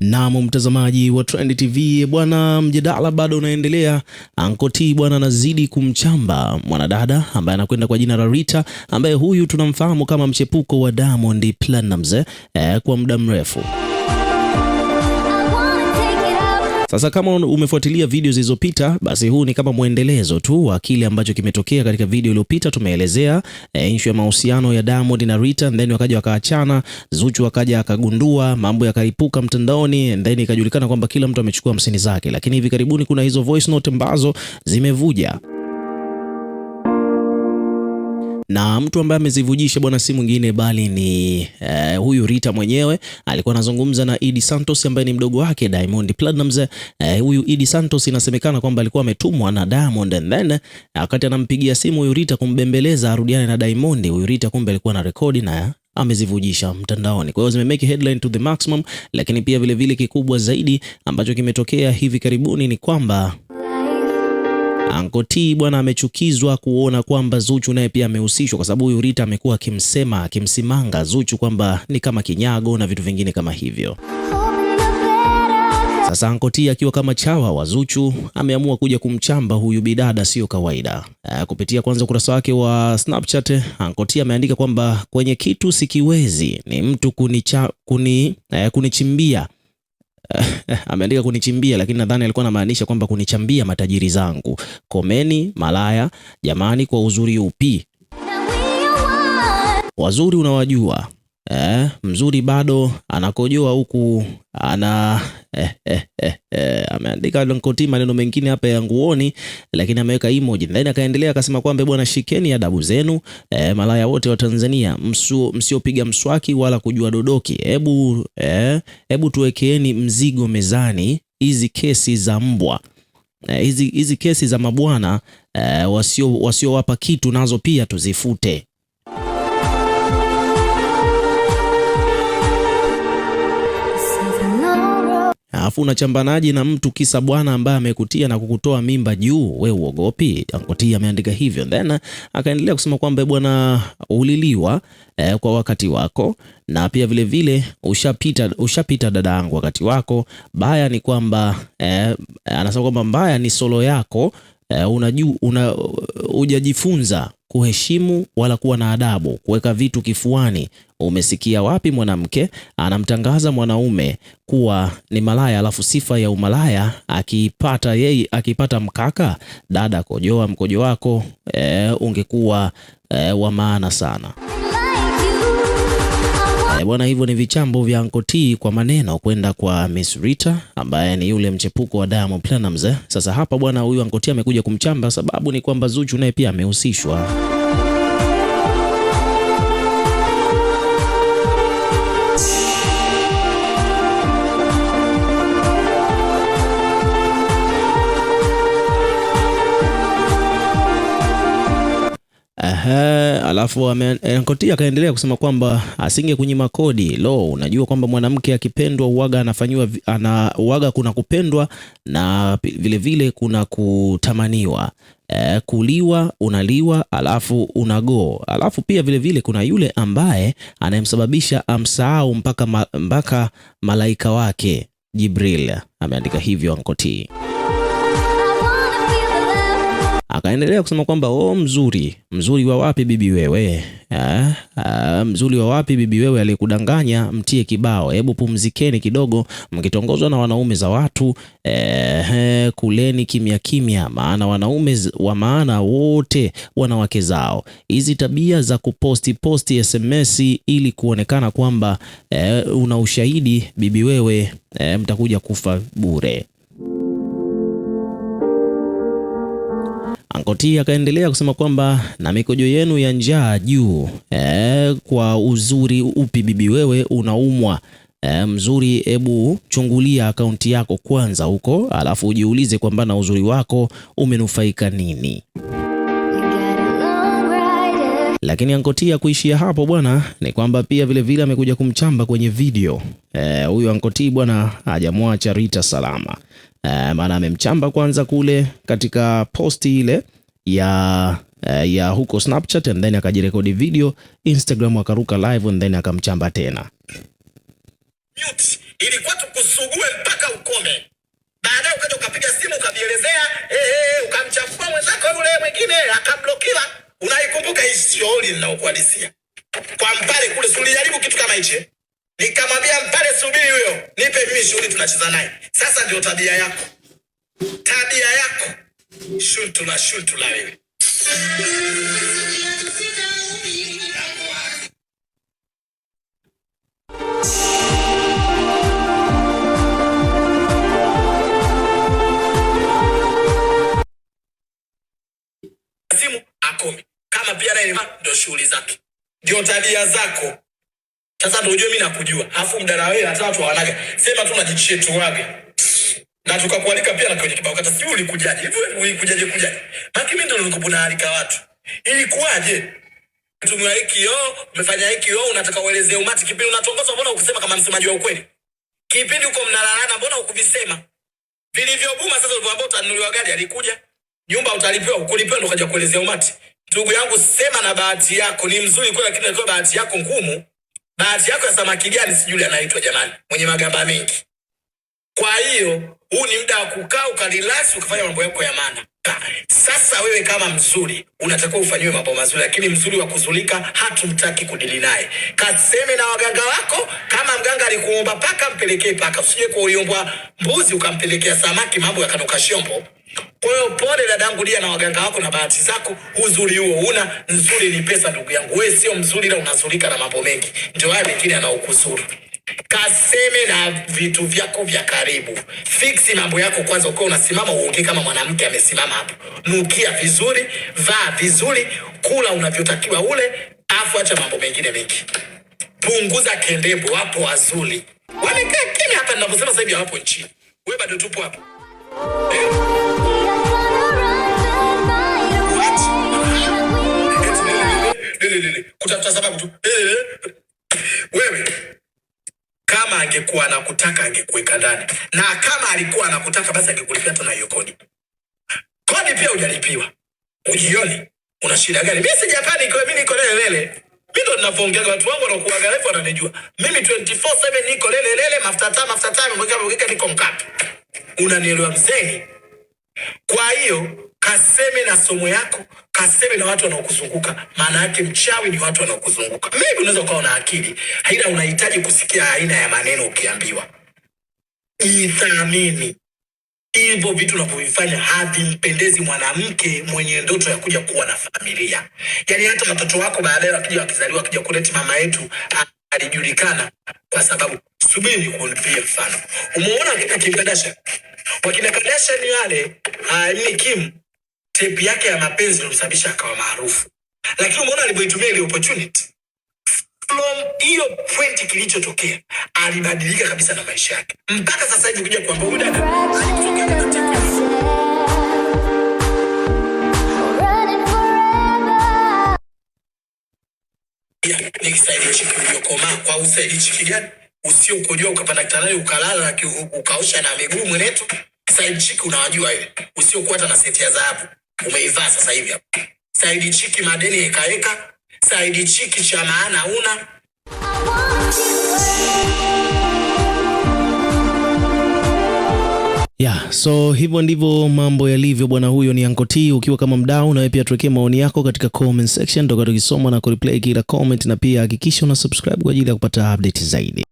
Naam, mtazamaji wa Trend TV bwana, mjadala bado unaendelea. Anko T bwana anazidi kumchamba mwanadada ambaye anakwenda kwa jina la Rita, ambaye huyu tunamfahamu kama mchepuko wa Diamond Platnumz eh, kwa muda mrefu. Sasa kama umefuatilia video zilizopita, basi huu ni kama mwendelezo tu wa kile ambacho kimetokea katika video iliyopita. Tumeelezea e, issue ya mahusiano ya Diamond na Rita, and then wakaja wakaachana. Zuchu akaja akagundua, mambo yakaipuka mtandaoni, and then ikajulikana kwamba kila mtu amechukua hamsini zake, lakini hivi karibuni kuna hizo voice note ambazo zimevuja na mtu ambaye amezivujisha bwana si mwingine bali ni eh, huyu Rita mwenyewe alikuwa anazungumza na Idi Santos ambaye ni mdogo wake Diamond Platinumz. Eh, huyu Idi Santos inasemekana kwamba alikuwa ametumwa na Diamond and then wakati anampigia simu huyu Rita kumbembeleza arudiane na Diamond, huyu Rita kumbe alikuwa na rekodi na amezivujisha mtandaoni. Kwa hiyo zimemake headline to the maximum, lakini pia vilevile kikubwa zaidi ambacho kimetokea hivi karibuni ni kwamba Anko T bwana amechukizwa kuona kwamba Zuchu naye pia amehusishwa, kwa sababu huyu Rita amekuwa akimsema akimsimanga Zuchu kwamba ni kama kinyago na vitu vingine kama hivyo. Sasa Anko T akiwa kama chawa wa Zuchu ameamua kuja kumchamba huyu bidada, sio kawaida. Eh, kupitia kwanza ukurasa wake wa Snapchat, Anko T ameandika kwamba kwenye kitu sikiwezi ni mtu kunicha, kuni, eh, kunichimbia ameandika kunichimbia, lakini nadhani alikuwa anamaanisha kwamba kunichambia matajiri zangu. Komeni malaya jamani, kwa uzuri upi? Wazuri unawajua eh, mzuri bado anakojoa huku ana eh, eh, eh, eh ameandika Lonkoti maneno mengine hapa ya nguoni, lakini ameweka emoji then akaendelea akasema kwamba bwana, shikeni adabu zenu eh, malaya wote wa Tanzania msiopiga mswaki wala kujua dodoki, hebu eh, hebu tuwekeeni mzigo mezani hizi kesi za mbwa eh, hizi eh, hizi kesi za mabwana eh, wasio wasiowapa kitu nazo pia tuzifute. Alafu unachambanaji na mtu kisa bwana ambaye amekutia na kukutoa mimba juu, we uogopi? Ankoti ameandika hivyo, then akaendelea kusema kwamba e bwana uliliwa eh, kwa wakati wako na pia vile vile ushapita, ushapita dada yangu wakati wako. Baya ni kwamba eh, anasema kwamba mbaya ni solo yako eh, unajua una, hujajifunza kuheshimu wala kuwa na adabu, kuweka vitu kifuani Umesikia wapi mwanamke anamtangaza mwanaume kuwa ni malaya, alafu sifa ya umalaya akipata yeye, akipata mkaka, dada, kojoa mkojo wako e, ungekuwa e, wa maana sana. Eh, bwana, hivyo ni vichambo vya Anko T kwa maneno kwenda kwa Miss Rita ambaye ni yule mchepuko wa Diamond Platnumz. Sasa hapa bwana, huyu Anko T amekuja kumchamba, sababu ni kwamba Zuchu naye pia amehusishwa. Ehe, alafu eh, Nkotia akaendelea kusema kwamba asinge kunyima kodi. Lo, unajua kwamba mwanamke akipendwa uwaga anafanyiwa ana uwaga, kuna kupendwa na vilevile vile kuna kutamaniwa eh, kuliwa unaliwa, alafu unagoo, alafu pia vilevile vile kuna yule ambaye anayemsababisha amsahau mpaka, ma, mpaka malaika wake Jibril. Ameandika hivyo Ankoti. Akaendelea kusema kwamba o, oh, mzuri mzuri wa wapi bibi wewe ha? Ha, mzuri wa wapi bibi wewe aliyekudanganya, mtie kibao. Hebu pumzikeni kidogo, mkitongozwa na wanaume za watu eh, kuleni kimya kimya, maana wanaume wa maana wote wanawake zao. Hizi tabia za kuposti posti SMS ili kuonekana kwamba eh, una ushahidi bibi wewe eh, mtakuja kufa bure. Ankoti akaendelea kusema kwamba na mikojo yenu ya njaa juu e, kwa uzuri upi bibi wewe unaumwa? E, mzuri, ebu chungulia akaunti yako kwanza huko, alafu ujiulize kwamba na uzuri wako umenufaika nini. Lakini ya kuishia hapo bwana, ni kwamba pia vilevile amekuja vile kumchamba kwenye video eh, huyu e, Ankoti bwana hajamwacha Rita salama e, maana amemchamba kwanza kule katika posti ile ya e, ya huko Snapchat and then akajirekodi video Instagram, akaruka live and then akamchamba tena. Ilikuwa tukusugue mpaka ukome, baadaye ukaja ukapiga simu ukavielezea, eh, eh, ukamchafua mwenzako yule mwingine akamblokiwa. Unaikumbuka hii story ninayokuhadisia kwa mbali kule, sulijaribu kitu kama hicho Nikamwambia mpale, subiri huyo, nipe mimi shughuli, tunacheza naye. Sasa ndio tabia yako, tabia yako shuntu na shuntu la wewe simu akome kama pia naye ndio shughuli zake, ndio tabia zako. Sasa ndio ujue mimi nakujua. Alafu wewe hata watu wanaga. Sema tu najitishia tu wage. Na tukakualika pia na kwenye kibao kata Si ulikujaje. Hivi wewe ulikujaje kujaje? Haki mimi ndio nilikubuna alika watu. Ilikuwaje? Tumwa hiki yo, umefanya hiki yo, unataka uelezee umati kipindi unatongozwa, mbona ukisema kama msemaji wa ukweli? Kipindi uko mnalalana, mbona ukuvisema? Vilivyobuma sasa ulivyoambia utanunuliwa gari alikuja. Nyumba utalipiwa, ukulipiwa ndio kaja kuelezea umati. Ndugu yangu, sema na bahati yako ni mzuri kwa, lakini bahati yako ngumu. Baadhi yako ya samaki gani yule anaitwa jamani, mwenye magamba mengi. Kwa hiyo huu ni muda wa kukaa ukarelax, ukafanya mambo yako ya maana. Sasa wewe kama mzuri unatakiwa ufanyiwe mambo mazuri, lakini mzuri wa kuzulika hatumtaki kudili naye. Kaseme na waganga wako. Kama mganga alikuomba paka, mpelekee paka, usije kuombwa mbuzi ukampelekea samaki, mambo yakanuka shombo. Kwa hiyo pole dadangu, lia na waganga wako na bahati zako. Uzuri huo una nzuri ni pesa, ndugu yangu. Wewe sio mzuri, ila unazurika na mambo mengi, ndio haya mengine yanaokuzuru. Kaseme na vitu vyako vya karibu, fixi mambo yako kwanza. Ukiwa unasimama uongee kama mwanamke amesimama hapo, nukia vizuri, vaa vizuri, kula unavyotakiwa ule, afu acha mambo mengine mengi. Punguza kendebo, wapo wazuri wamekaa kimya hapa ninaposema sasa hivi, hawapo nchini. Wewe bado tupo hapo eh? lele, kutafuta sababu tu eh, wewe kama angekuwa anakutaka angekuweka ndani, na kama alikuwa anakutaka basi angekulipia tena hiyo kodi. Kodi pia hujalipiwa, ujioni una shida gani? Mi sijapani kwa mimi niko lele mi mimi ndo ninavyoongea watu wangu wanakuwa galefu wananijua mimi 24/7 niko lele mafuta taa mafuta taa mweka mweka, niko mkapi, unanielewa mzee? Kwa hiyo kaseme na somo yako, kaseme na watu wanaokuzunguka. Maana yake mchawi ni watu wanaokuzunguka. Maybe unaweza ukawa na akili, ila unahitaji kusikia aina ya maneno ukiambiwa. Ithamini Hivyo vitu unavyovifanya havimpendezi mwanamke mwenye ndoto ya kuja kuwa na familia. Yani hata watoto wako baadaye wakija, wakizaliwa, wakija kuleti mama yetu alijulikana kwa sababu. Subiri nikuambie mfano. Umeona wakina Kim Kardashian? Wakina Kardashian wale, uh, ni Kim tape yake ya mapenzi ndio akawa maarufu, lakini umeona alivyoitumia ile opportunity from hiyo point kilichotokea, alibadilika kabisa na maisha yake mpaka sasa hivi kuja kwamba huyu dada ni kwa usaidi chiki gani usio kujua ukapanda kitandani ukalala na ukaosha na miguu mwenetu. Saidi chiki unawajua wewe, usiokuwa hata na seti ya dhahabu umeivaa sasa hivi hapa. Saidi chiki madeni ekaeka, saidi chiki cha maana una ya yeah, so hivyo ndivyo mambo yalivyo bwana. Huyo ni Anko T. Ukiwa kama mdau, na wewe pia tuwekee maoni yako katika comment section, toka tukisoma na kureplay kila comment, na pia hakikisha una subscribe kwa ajili ya kupata update zaidi.